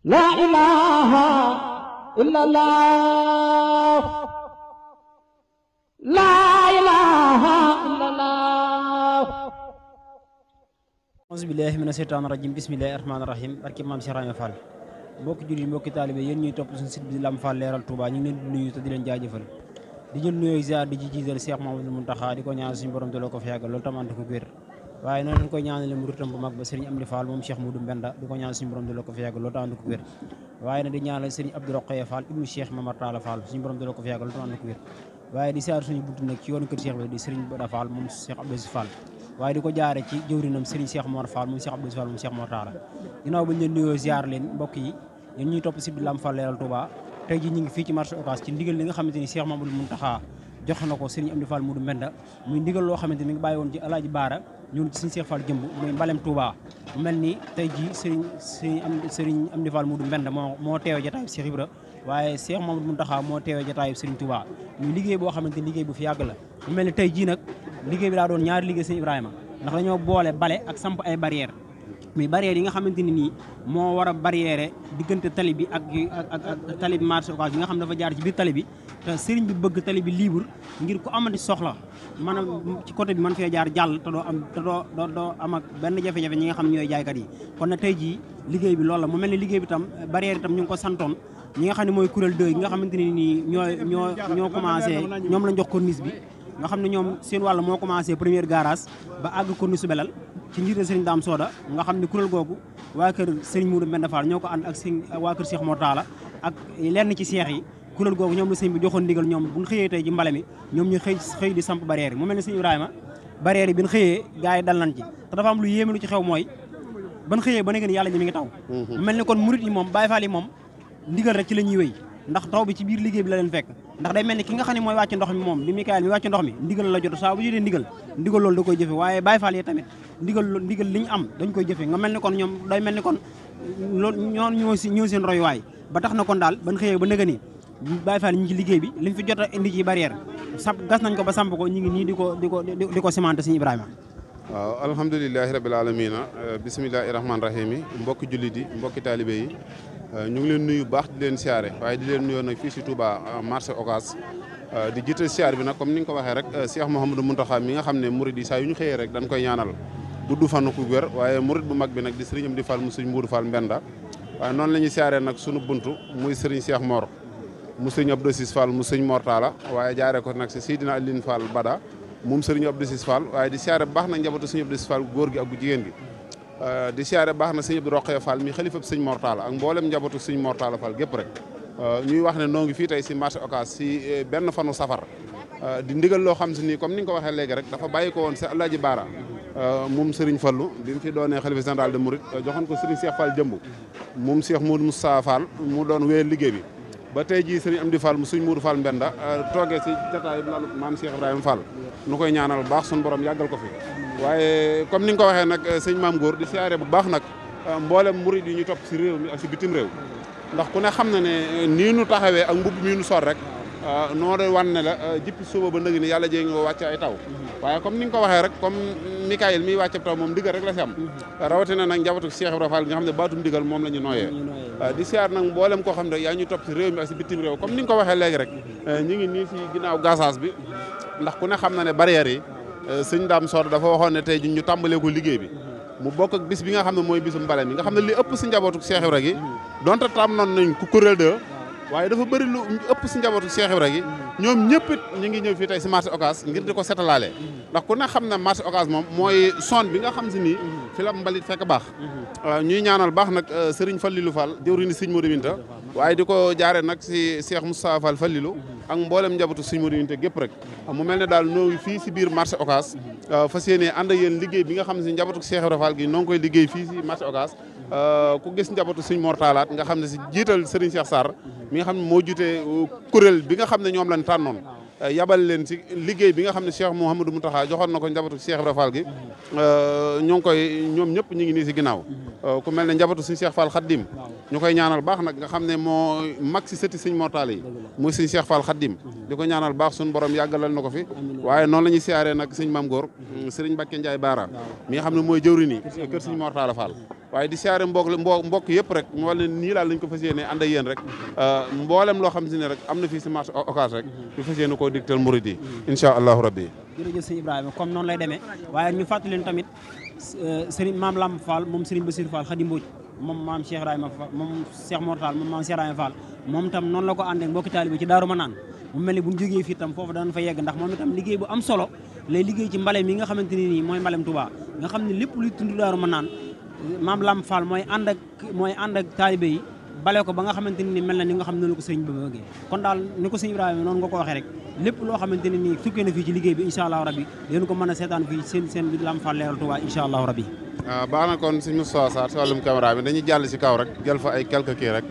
la ilaha illallah la ilaha illallah auzu billahi mina sheytaani rajim barki maam Cheikh Rahma Fall mbokki jullit mbokki taalibe yéen ñuy topp suñu site bi di Lamp leeral Touba ñu ngi leen di nuyu te di leen jaajëfal di jël nuyoo ziar di ci jiital Cheikh Mamadou Mountakha di ko ñaan suñu borom te ko fi yàggal loolu tam ànd ko wér waaye noonu lañ koy ñaanale muritam bu mag ba sëriñ Amdi Fall moom Cheikh Moudou Mbenda di ko ñaan suñu borom dala ko fi yàgg loolu ta ànd ko waaye di ñaanal sëriñ suñu borom dala ko fi yàgg loolu ta ànd ko wér waaye di saar suñu bunt nag di sëriñ moom Cheikh Abdou di ko moom Cheikh Abdou Fall moom Cheikh Mor Talla ginnaaw bañ leen nuyoo ziar yi ñun ñuy topp si bi Lamp Fall Leeral Touba tey ji ñu ngi fii ci marché Ocass ci ndigal li nga xamante ni Cheikh jox na ko Serigne Amdi Fall Modou Mbenda muy ndigal loo xamante ni ngi bàyyi woon ci Alaaji Baara ñëw ci Serigne Cheikh Fall jëmb muy mbalem Touba mu mel ni tey jii Serigne Serigne am Serigne Amdi mu Modou Mbenda moo moo teewee jataayu Cheikh Ibra waaye Cheikh Mamadou Mountakha moo teewee jataayu Serigne Touba muy liggéey boo xamante ni liggéey bu fi yàgg la mu mel ni tey jii nag liggéey bi daa doon ñaari liggéey Serigne Ibrahima ndax dañoo boole bale ak samp ay barrière muy barrière yi nga xamante ne nii moo war a barrière diggante tali bi ak ak ak tali bi marché Ocass bi nga xam dafa jaar ci biir tali bi te sëriñ bi bëgg tali bi libre ngir ku amati soxla mën a ci côté bi man fee jaar jàll te doo am te doo doo am ak benn jafe-jafe ñi nga xam ñooy jaaykat yi. kon na tey jii liggéey bi loolu la mu mel ni liggéey bi tam barrière itam ñu ngi ko santoon ñi nga xam ne mooy kuréel 2 yi nga xamante ni nii ñoo ñoo ñoo commencé ñoom lañ jox corniche bi. nga xam ne ñoom seen wàll moo commencé première garage ba àgg ko su belal ci njiital sëriñ Daam Sooda nga xam ne kuréel googu waa kër sëriñ Mourou Mbenda Fall ñoo ko ànd ak sëriñ waa kër Cheikh Mortala ak lenn ci seex yi kuréel googu ñoom la sëñ bi joxoon ndigal ñoom bu ñu xëyee tey ji mbale mi ñoom ñu xëy xëy di samp barrière yi mu mel ne sëñ Ibrahima barrière yi bi ñu xëyee gars yi dal nañ ci te dafa am lu yéeme lu ci xew mooy ban xëyee ba ngeen yàlla mi ngi taw mhm. mel ne kon murit yi moom Baay Faal moom ndigal ci la ñuy wéy ndax taw bi ci biir liggéey la leen fekk ndax day melni ki nga xam moy mooy ndox mi mom bi Mikaël mi wàcc ndox mi ndigal la jottu sa bu jidi ndigal ndigal lol da koy jëfé waye Baye Fall yi tamit ndigal ndigal liñ am dañ koy jëfé nga melni kon ñom day melni kon loolu ñoo ñoo si ñoo seen way ba tax na kon dal ban xëyee ba nëga Baye Fall ci liggéey bi liñ fi jot indi ci barrière sab gas nañ ko ba samp ko ñi ngi ni diko diko diko cimenter seigne Ibrahima waaw rabbil alamin bismillahir rahmanir rahim mbokk julidi mbokk talibey Euh, ñu ngi leen nuyu baax di leen siyaare waaye di leen nuyoo nag fii si Touba euh, marché Ocass euh, di jiital siyaar bi nag comme ni nga ko waxee rek Cheikh Mouhamadou Mountakha mi nga xam ne murid yi saa yu ñu xëyee rek dañ koy ñaanal gudd fan ku wér waaye murid bu mag bi nag di sëriñam di Fall mu sëriñ Mbuudu Fall Mbenda waaye noonu la ñuy siyaaree nag sunu buntu muy sëriñ Cheikh Mor mu sëriñ Abdou Sis mu sëriñ Mor waaye jaaree ko nag si Seydina Aline Fall Bada moom sëriñ Abdou Sis Fall waaye di siyaare baax na njabootu sëriñ Abdou Sis Fall góor gi ak gu jigéen bi Euh, di siyaare baax na sëñ Abdou Rokhaya Fall mi xalifab sëñ Mortala ak mboolem njabootu sëñ Mortala Fall gépp rek euh, ñuy wax ne noo ngi fii tey si marché ocas si eh, benn fanu safar euh, di ndigal loo xam si nii comme ni nga ko waxee léegi rek dafa bàyyi ko woon si Alaaji Baara moom Serigne Fallou bi mu fi doonee xalifa général de Mouride joxoon ko Serigne Cheikh Fall jëmb moom Cheikh Moudou Moussa Fall mu doon wéyal liggéey bi ba tey jii am di Fall mu suñ Moudou Fall Mbenda toogee si jataayu lalu maam Cheikh Ibrahima Fall nu koy ñaanal baax suñu boroom yàggal ko fi waaye comme ni nga ko waxee nag euh, sëñ maam góor di siyaare bu baax nag euh, mboolem murid yi ñu topp si réew mi ak si bitim réew ndax ku ne xam na ne euh, nii nu taxawee ak mbubb mii nu sor rek noo de wan ne la jippi suba ba yàlla jée nga wàcc ay taw waaye comme ni nga ko waxee rek comme Mikaayil miy wàcc taw moom diggal rek la si am mm-hmm. rawatina nag njabootu Cheikh ne baatum diggal moom la ñu nooyee di siyaar mboolem koo xam ne yaa ñu topp si réew mi comme ni ko waxee léegi rek ñu ngi nii ginnaaw gasaas bi ndax ku ne xam na ne barrières yi Euh, sëñ daam Soda dafa waxoon ne tey ñu tàmbalee ko liggéey bi mu bokk ak bis bi nga xam ne mooy bisu mbale mi nga xam ne li ëpp si njabootu Cheikh Ibra gi donte tam bëri lu ëpp si njabootu Cheikh Ibra ñoom ñëpp ñu ngi ñëw fii tey si marché Ocass ngir di ko setalaale ndax ku ne xam ne marché Ocass moom mooy son bi nga xam si nii fi la mbalit fekk baax mm-hmm. euh, ñuy ñaanal baax nag euh, Serigne Fallilou Fall jëwriñu Serigne Modou Minta waaye di ko jaare nag si Cheikh Moustapha Fall Fallilu ak mboolem njabootu suñu modunité gépp rek mu mel ne daal noo fii si biir marché ocas euh, fa yéene ànd ak liggéey bi nga xam ne si njabootu Cheikh Ibra gi noo ngi koy liggéey fii si marché Ocass euh, ku gis njabootu suñ mortalaat nga xam ne si jiital Serigne Cheikh Sarr mi nga xam ne moo jiite euh, kuréel bi nga xam ne ñoom lañ tànnoon yabal leen si liggéey bi nga xam ne Cheikh Mouhamadou Mountakha joxoon na ko njabootu Cheikh Ibra Fall gi ñoo koy ñoom ñëpp ñu ngi nii si ginnaaw Euh, ku mel ne njabootu suñu Cheikh Fall Khadim ñu koy ñaanal baax nag nga xam ne moo mag si sëti suñ mortaale yi muy suñ Cheikh Fall Khadim di ko ñaanal baax suñu borom yàggalal na ko fi waaye noonu la ñuy siyaaree nag suñ maam góor sëriñ Mbacke Ndiaye Baara mi nga xam ne mooy jëwri nii kër suñ mortaale Fall waaye di siyaare mbokk mbokk mbokk yëpp rek moo wala nii laal lañ ko fas yéene ànd ak yéen rek euh, mboolem loo xam si ne rek am na fii si marché occasion rek ñu fas yéene koo digtal murid yi incha allahu rabbi jërëjëf sëñ Ibrahima comme noonu lay demee waaye ñu fàttali leen tamit euh, sëriñ maam Lam faal moom sëriñ Bassir Fall Xadim Mbodj moom maam Cheikh Ibrahima moom Cheikh Mor moom maam Cheikh Ibrahima moom itam noonu la ko àndee mbokki taalibe ci Daaru Manaan mu mel ni bu ñu jógee fii itam foofu danañ fa yegg ndax moom itam liggéey bu am solo lay liggéey ci mbale mi nga xamante ne nii mooy mbalem Touba nga xam ne lépp luy tund Daaru Manaan maam Lam Fall mooy ànd ak mooy ànd ak taalibe yi bale ko ba nga xamante ne ni mel na ni nga xam ne noonu ko sëñ ba bëggee kon daal ni ko sëñ Ibrahima noonu nga ko waxee rek lépp loo xamante ne nii tukkee na fii ci liggéey bi incha allahu rabi leen ko mën a seetaan fii seen seen bi Lamp Fall Léral Touba incha allahu rabi waaw ah, baax na kon sëñ Moustapha Sarr si bi dañuy jàll si kaw rek jël fa ay quelques kii rek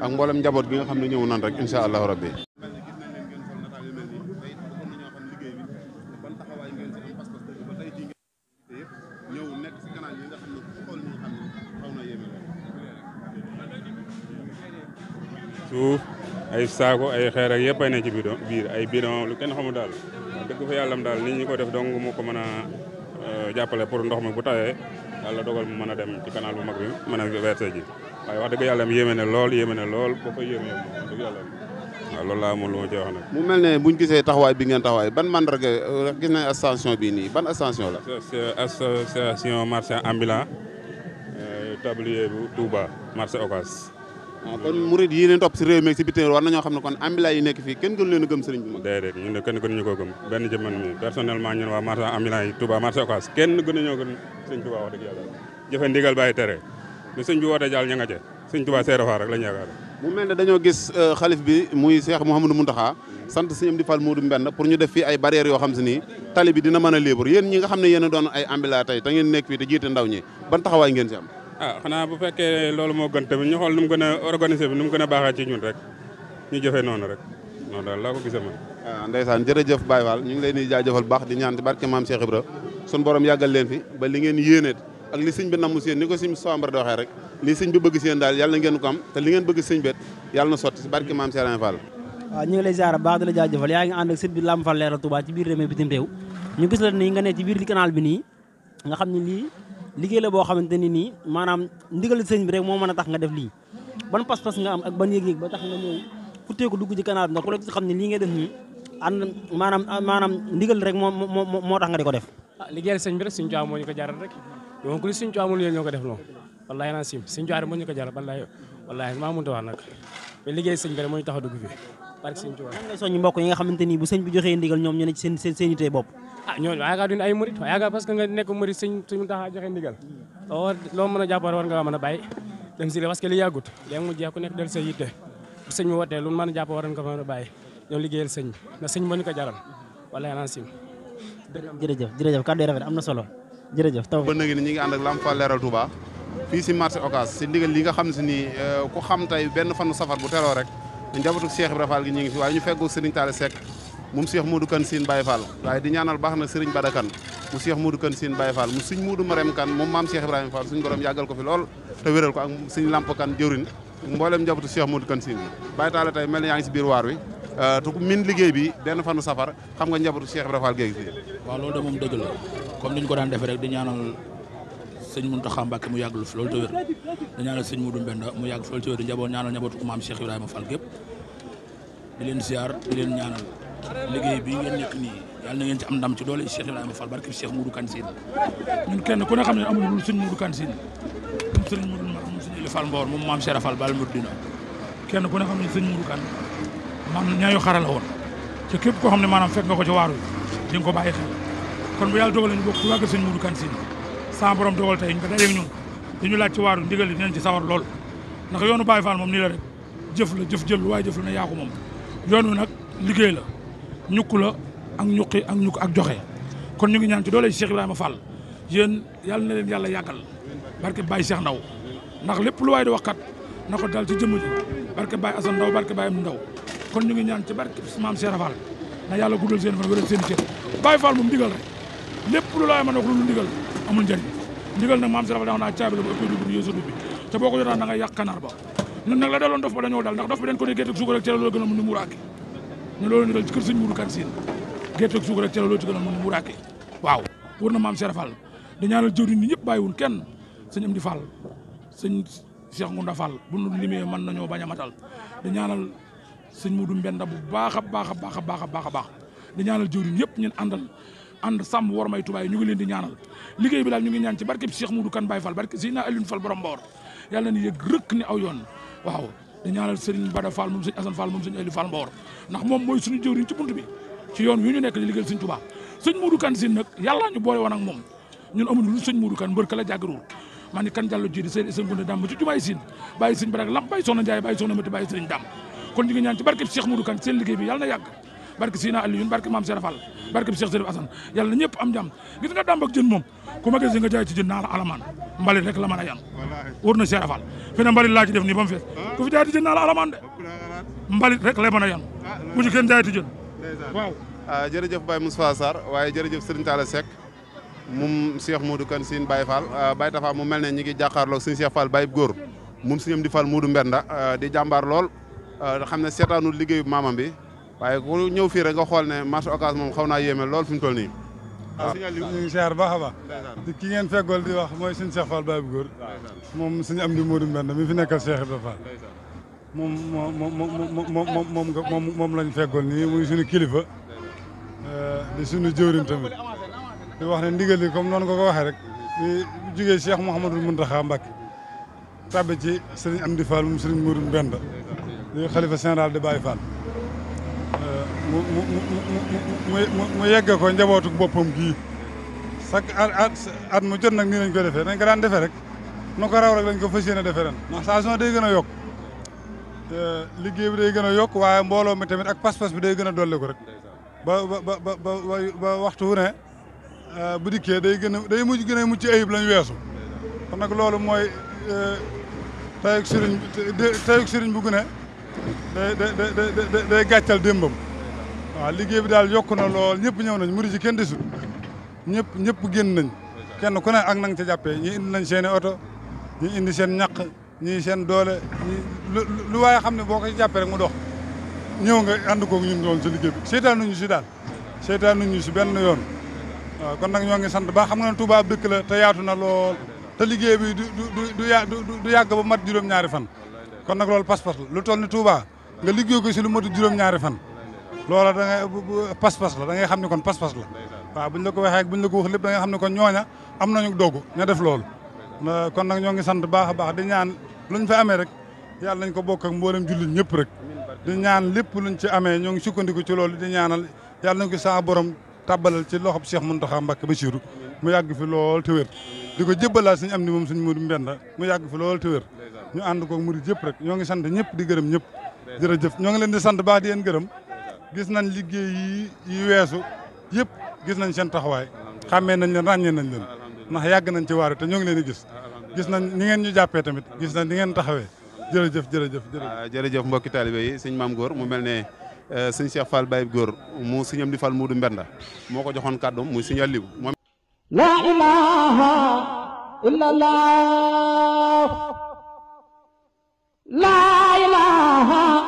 ak mboolem njaboot gi nga xam ne ñëw nan rek incha allahu rabi suuf ay saako ay xeer ak yëpp ay ne ci bidon biir ay bidon lu kenn xamul daal dëgg fa yàllam daal nit ñi ko def dong moo ko mën a euh, jàppale pour ndox mi bu tawee yàlla dogal mu mën a dem ci canal bu mag bi mën a versé ji waaye wax dëgg yàlla mi yéeme ne lool yéeme ne lool boo koy yéeme wax dëgg yàlla waaw loolu laa amoon lu ma ci wax nag. mu mel ne bu ñu gisee taxawaay bi ngeen taxawaay ban mandarga euh, gis nañ association bi nii ban association la. association marchand ambulant euh, tablier bu Touba marché kon murid yi leen topp si réew mi si bitim war nañoo xam ne kon ambulant yi nekk fii kenn gënu a gëm sëriñ bi moom déedéet ñun de kenn gënuñu koo gëm benn ci man mi mu mel ne dañoo gis euh, xalif bi muy Cheikh Mouhamadou Mountakha sant sëñ Amdi Fall Modou Mbenn pour ñu def fii ay barrières yoo xam si nii tali bi dina mën a libre yéen ñi nga xam ne yen a doon ay ambulant tey te ngeen nekk fii te jiite ndaw ñi ban taxawaay ngeen si am ah xanaa bu fekkee loolu moo gën tamit ñu xool nu mu gën a organiser bi nu mu a baaxee ci noonu rek noonu laa ko gisee man. waaw ah, ndeysaan jërëjëf Baye Fall ñu ngi leen si yéen baax di la jaajëfal yaa ngi ànd ak bi Lamp Fall leeral Touba ci biir réew bitim réew ñu gis la nii nga ne ci biir canal bi nii liggéey la boo xamante ni nii maanaam ndigal sëñ bi rek moo mën a tax nga def lii ban pas-pas nga am ak ban yëg-yëg ba tax nga ñëw futtee dugg ci canal bi ndax ku xam ne lii ngay def nii ànd maanaam maanaam ndigal rek moo moo moo tax nga di ko def ah liggéeyal bi rek suñu jaamu moo ñu ko jaral rek donc li suñu ko def noonu wallaahi naa sim suñu jaamu moo ñu ko jaral wallaahi wallaahi maa mënut a wax nag mais liggéey sëñ bi rek moo tax a dugg fii barke sëñ Tuubaa nan ngay soññ mbokk yi nga xamante ni bu sëñ bi joxee ndigal ñoom ñu ne seen seen seen itee bopp ah ñooñu waaye kaa duñ ay murit waaye kaa parce que nga nekk murit sëñ suñu tax a joxe ndigal loo mën a jàppar war nga mën a bàyyi dem si la parce que li yàggut léegi mu jeex ku nekk del sa yitte bu sëñ bi wootee lu mën a jàpp war nga ko mën a ñoo liggéeyal sëñ bi ndax sëñ ñu ko jaral wala yaa sim jërëjëf jërëjëf rafet am solo jërëjëf taw ba nag ni ñi ngi ànd ak Lamp Fall leeral Touba fii si marché Ocass si ndigal li nga xam ni eh, ku xam tey benn fanu safar bu teroo rek njabootu Cheikh ibrahim Fall gi ñu ngi fi waaye ñu feggoo Serigne Talla sek moom Cheikh Modou kan sin Baye Fall way di ñaanal baax na Serigne badakan mu Cheikh Modou kan sin Baye Fall mu serigne Modou marem kan moom mam Cheikh ibrahim Fall suñu borom yagal ko fi lol te wëral ko ak serigne Lamp kan jeurin mbollem njabootu Cheikh Modou kan sin Baye Talla tay melni yaangi ci ngi si biir waar wi euh ku min liggey bi ben fanu safar xam nga njabootu Cheikh ibrahim Fall géegi fi wa lol da mom deug la comme niñ ko daan def rek di ñaanal sëñ Mountakha Mbacké mu yàgg lu fi loolu te wér di ñaanal sëñ Moudou Mbenda mu yàgg fi loolu te wér di njaboot ñaanal njabootu ko maam Cheikh Ibrahima Fall gépp di leen ziar di leen liggéey bi ngeen nekk nii yàlla na ngeen ci am ndam ci doole Cheikh Ibrahima Fall barke Cheikh Moudou Kane Sine ñun kenn ku ne xam ne amul lu sëñ Moudou Kane Sine moom sëñ Moudou ma moom sëñ Ili Fall Bal Moudou dina kenn ku ne xam ne sëñ Moudou Kane maam ñaayu xarala woon te képp koo xam ne maanaam fekk nga ko ci waaru di ko bàyyi xel kon bu yàlla dogalee ñu bokk ci sama borom dogal tey ñu ko dajeeg ñun dañu laaj ci waaru ndigal yi dinañ ci sawar lool ndax yoonu Baye Fall moom nii la rek jëf la jëf jël lu waaye jëf la ne yaa ko moom yoon wi nag liggéey la ñukku la ak ñuqi ak ñukk ak joxe kon ñu ngi ñaan ci doole Cheikh Ibrahima Fall yéen yàlla na leen yàlla yàggal barke Baye Cheikh Ndaw ndax lépp lu waay di waxkat na ko dal ci jëmm ji barke Baye Assane Ndaw barke Baye Ndaw kon ñu ngi ñaan ci barke maam Cheikh Fall na yàlla guddal seen fan wéral seen cër Baye Fall moom ndigal rek lépp lu laay mën a wax lu ndigal amul njëriñ ndigal nag maam sarafa daaw naa caabi la ko ëppee yeesu yéesu te boko ko na nga yak kanar ba ñun nak la dalon dof ba dañu dal ndax dof bi dañ ko ne gettu suukar ak ci loolu gën a mun ni muraake ñu loolu ndigal ci kër señ muru kansin gettu gerte suukar ak cere lo ci gëna mu mun ni muraake waaw wër na maam serafal di ñaanal jëwriñ ñi ñëpp bàyyiwun kenn señ am di fall señ cheikh ngunda fall bu ñu limé man nañu baña matal di ñaanal señ mudu mbenda bu baaxa baaxa baaxa baaxa baaxa baax a di ñaanal jëwriñ yëpp ñen andal ànd sàmm war may tubaay ñu ngi leen di ñaanal liggéey bi daal ñu ngi ñaan ci barkeb Cheikh Moudou Kane Baye Fall barke Seyna Alioune Fall borom Mbaor yàlla na yëg rëkk ni aw yoon waaw di ñaanal Serigne Bada Fall moom sëñ Assane Fall moom sëñ Aliou Fall Mbaor ndax moom mooy suñu jëwriñ ci bunt bi ci yoon wi ñu nekk di liggéeyal sëñ Touba sëñ Moudou Kane Sine nag yàlla ñu boole woon ak moom ñun amul lu sëñ Moudou Kane mbër ka la jàggaruur maa ni kan jàllo jiidi sëñ sëñ Gunde Dàmb ci jumaay Sine bàyyi sëñ Barak Lamp bàyyi Soxna Njaay bàyyi Soxna Mati bàyyi Sëriñ Dàmb kon ñu ngi ñaan ci barkeb Cheikh Moudou Kane seen liggéey bi yàlla na yàgg barke Sina Alioune barke Mame Serap Fall barke Cheikh Serif Assane yàlla na ñëpp am jàmm gis nga dàmb ak jën moom ku ma gis nga jaay ci jën naa la alamaan mbalit rek la mën a yan laa def nii ba mu fees ah. ku fi jaay rek lay mën a yan bu ci kenn jaay ci jën waaw ah, jërëjëf waaye jërëjëf Serigne Talla Seck moom Cheikh Modou Kane Sine Baye Fall ah, mu mel ne ñi ngi jàkkaarloo Serigne Cheikh Fall Baye góor moom Serigne di Fall Modou di jàmbaar lool xam ne seetaanul liggéeyu maamam bi waaye ku ñëw fii rek nga xool ne marché Ocass moom xaw naa yéeme lool fi mu toll nii. waaw ah, ñu ngi ziar baax a baax. ki ngeen feggool di wax mooy suñu Cheikh Fall Baye bu góor. moom suñu am di Modou mi fi nekkal Cheikh Ibrahima Fall. moom moom moom moom moom lañ feggool nii muy suñu kilifa. Eh, di suñu jëwriñ di wax ne ndigal li comme noonu ko ko waxee rek. di jugee Cheikh Mouhamadul Mountakha Mbacké. tàbbi ci sëriñ Amdi Fall moom sëriñ Modou Mbène di xalifa général de Baye Fall. mu mu mu mu yegge ko njabootu boppam gii chaque at at mu jot nag nii lañ ko defee dañ ko daan defee rek nu ko raw rek lañ ko fas yéene defee ren ndax station day gën a yokk liggéey bi day gën a yokk waaye mbooloo mi tamit ak pas-pas bi day gën a dolli ko rek ba ba ba ba waxtu wu ne eh, bu dikkee day gën a day mujj gën a mucc ayib lañ weesu kon nag loolu mooy eh, tayug sëriñ tayug sëriñ bu gune day day day day gàccal démbam waaw liggéey bi daal yokku na lool ñëpp ñëw nañ murid yi kenn desul ñëpp ñëpp génn nañ kenn ku ne ak nang ca jàppee ñi indi nañ seen i oto ñi indi seen ñaq ñi seen doole lu waaye xam ne boo ko ci jàppee rek mu dox ñëw nga ànd koog ñun loolu si liggéey bi seetaan nuñu si daal seetaan ñu si benn yoon waaw kon nag ñoo ngi sant baax xam nga ne Touba ab la te yaatu na lool te liggéey bi du du du yàgg ba mat juróom-ñaari fan kon nag loolu pas-pas lu toll ni Touba nga liggéey ko si lu matu juróom fan loola da ngay pas-pas la da ngay xam ne kon pas-pas la bu buñ la ko waxee ak buñ la ko wax lépp da ngay xam ne kon ñooña am nañu dogu ña def loolu kon nag ñoo ngi sant baax a baax di ñaan luñ fi amee rek yàlla nañ ko bokk ak mboolem jullit ñëpp rek di ñaan lépp luñ ci amee ñoo ngi sukkandiku ci loolu di ñaanal yàlla nañ ko saa borom tàbbalal ci loxob Cheikh Mountakha Mbacké Bassirou mu yàgg fi lool te wér di ko jëbbalaat suñu am ni moom suñu mudu mbenda mu yàgg fi lool te wér ñu ànd ko murid yëpp rek ñoo ngi sant ñëpp di gërëm ñëpp jërëjëf ñoo ngi leen di sant baax di leen gërëm gis nañ liggéey yi weesu yëpp gis nañ seen taxawaay xàmmee nañ leen ràññee nañ leen ndax yàgg nañ ci waaru te ñoo ngi leen di gis gis nañ ni ngeen ñu jàppee tamit gis nañ ni ngeen taxawee jërëjëf jërëjëf jërëjëf ah, mbokki taalibe yi sëñ maam góor mu mel ne eh, sëñ Cheikh Fall Baye góor mu sëñam di Fall Muudu Mbenda moo ko joxoon kàddoom mu sëñ liw moom la ilaha illallah